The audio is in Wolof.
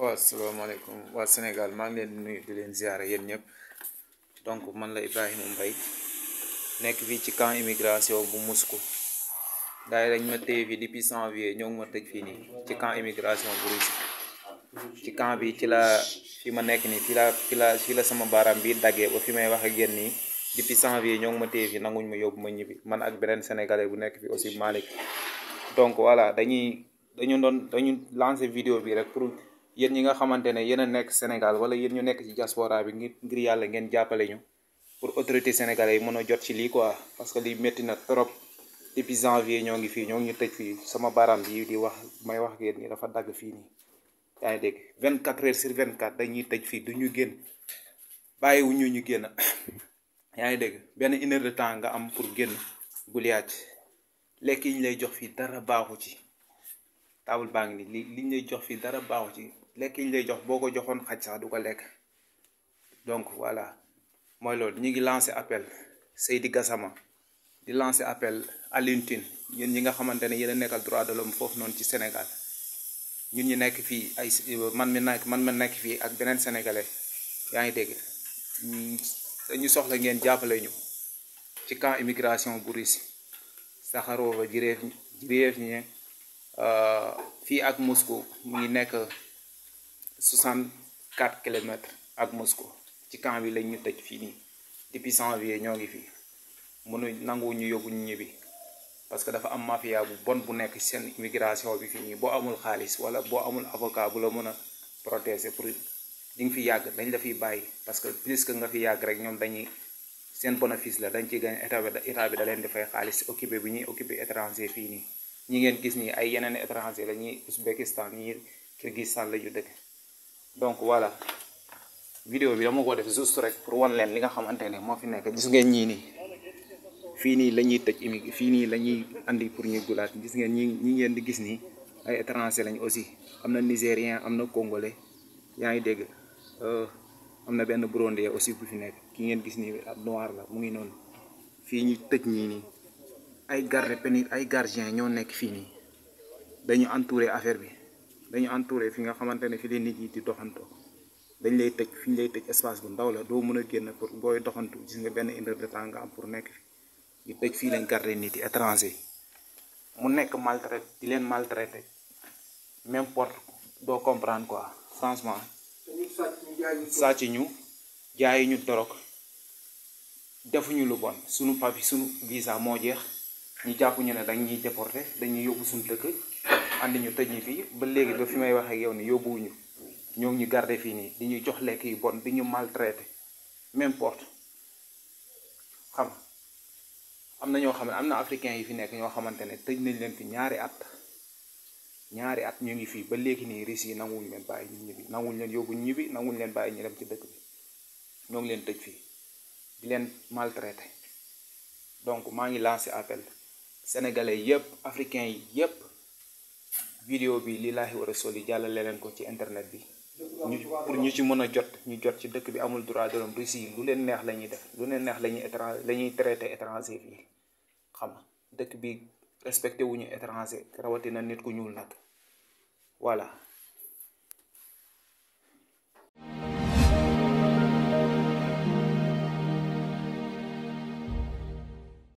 waaw asalaamaaleykum waa Sénégal maa ngi leen di nuyu di leen ziare yéen donc man la Ibrahima Mbaye nekk fii ci camp immigration bu Moscou gars yi dañ ma téye fii depuis janvier ñoo ngi ma tëj fii nii ci camp immigration bu Russie ci camp bi ci la fi ma nekk ni fi la fi la fi la sama baaraam bi daggee ba fi may wax ak yéen nii depuis janvier ñoo ma téye fii nanguñ ma yóbbu ma ñibbi man ak beneen sénégalais bu nekk fi aussi Malick donc voilà dañuy dañu doon dañu lancer vidéo bi rek pour. yéen ñi nga xamante ne yéen nekk Sénégal wala yéen ñu nekk ci diaspora bi ngir ngir yàlla ngeen jàppale ñu pour autorité sénégalais yi mën a jot ci lii quoi parce que lii métti na trop depuis janvier ñoo ngi fii ñoo ngi ñu tëj fii sama baaraam bi di wax may wax ak yéen ñi dafa dagg fii nii yaa ngi dégg 24 heures sur 24 dañuy tëj fii du ñu génn bàyyiwuñu ñu génn yaa ngi dégg benn une heure de temps nga am pour génn guliyaat lekk yi ñu lay jox fii dara baaxu ci table baa ngi nii li lay jox fii dara baaxu ci. lekk yi ñu lay jox boo ko joxoon xaj sax du ko lekk donc voilà mooy loolu ñu ngi lancé appel Seydi gasama di lancé appel Alioune ñun ñi nga xamante ne yéen a nekkal droit de l'homme foofu noonu ci Sénégal ñun ñu nekk fii ay euh, man mi man ma nekk fii ak beneen sénégalais yaa ngi dégg mm, dañu soxla ngeen jàppale ñu ci camp immigration bu Russie Sakharova Giriev Giriev euh, fii ak Moscou mu ngi nekk 64 kilomètres ak Moscou ci camp bi lañ ñu tëj fii nii depuis janvier ñoo ngi fii mënu nanguwu ñu yóbbu ñu ñibbi parce que dafa am mafia bu bon bu nekk seen immigration bi fii nii boo amul xaalis wala boo amul avocat bu la mën a protéger pour di nga fi yàgg dañ la fiy bàyyi parce que plus que nga fi yàgg rek ñoom dañuy seen bénéfice la dañ ciy gañ état bi état da leen di fay xaalis occupé bi ñuy occupé étranger fii nii ñi ngeen gis nii ay yeneen étranger la ñuy Ouzbékistan ñi Kirghizistan la ñu dëkk donc voilà vidéo bi dama ko def juste rek pour wan len li nga xamantene mo fi nek gis ngeen ñi ni fi ni lañuy tej tëj immigré fii nii andi pour ñuy gulat gis ngeen ñi ñi ngeen di gis ni ay étranger lañ aussi amna nigérien amna congolais yaay ngi dégg euh, am na benn burundais aussi bu fi nek ki ngeen gis ni ab noir la mu ngi non fi ñu tej ñi ni ay gardien ay gardien ñoo nek fi ni dañu entourer affaire bi dañu entouré fi nga xamante ne fi la nit ñi di doxantoo dañ lay tëj fi ñu lay tëj espace bu ndaw la doo mën a génn pour booy doxantu gis nga benn une de temps nga am pour nekk ñu fii lañ garder nit yi étranger mu nekk maltraité di leen maltraité même porte doo comprendre quoi franchement sàcc ñu jaayi ñu dorog defuñu lu bon suñu papi suñu visa moo jeex ñu jàpp ñu ne dañ ñuy déporté dañuy yóbbu suñu dëkk andi ñu tëj ñu fii ba léegi ba fi may wax ak yow ni yóbbuwuñu ñoo ngi ñu garde fii nii di ñu jox lekk yi bon di ñu maltraité même porte xam am na ñoo xam ne am na africain yi fi nekk ñoo xamante ne tëj nañ leen fi ñaari at ñaari at ñu ngi fii ba léegi nii risques yi nanguwuñ leen bàyyi ñu ñibbi nanguwuñ leen yóbbu ñibbi nanguwuñ leen bàyyi ñu dem ci dëkk bi ñoo ngi leen tëj fii di leen maltraité donc maa ngi lancé appel sénégalais yépp africain yi yépp vidéo bi lillaahi wa rasuli jàllale leen ko ci internet bi ñu pour ñu ci mën a jot ñu jot ci dëkk bi amul droit de l'homme Russie lu leen neex la ñuy def lu leen neex la ñuy étranger la ñuy traité étranger fii xam nga dëkk bi respecté wuñu étranger rawatina nit ku ñuul nag voilà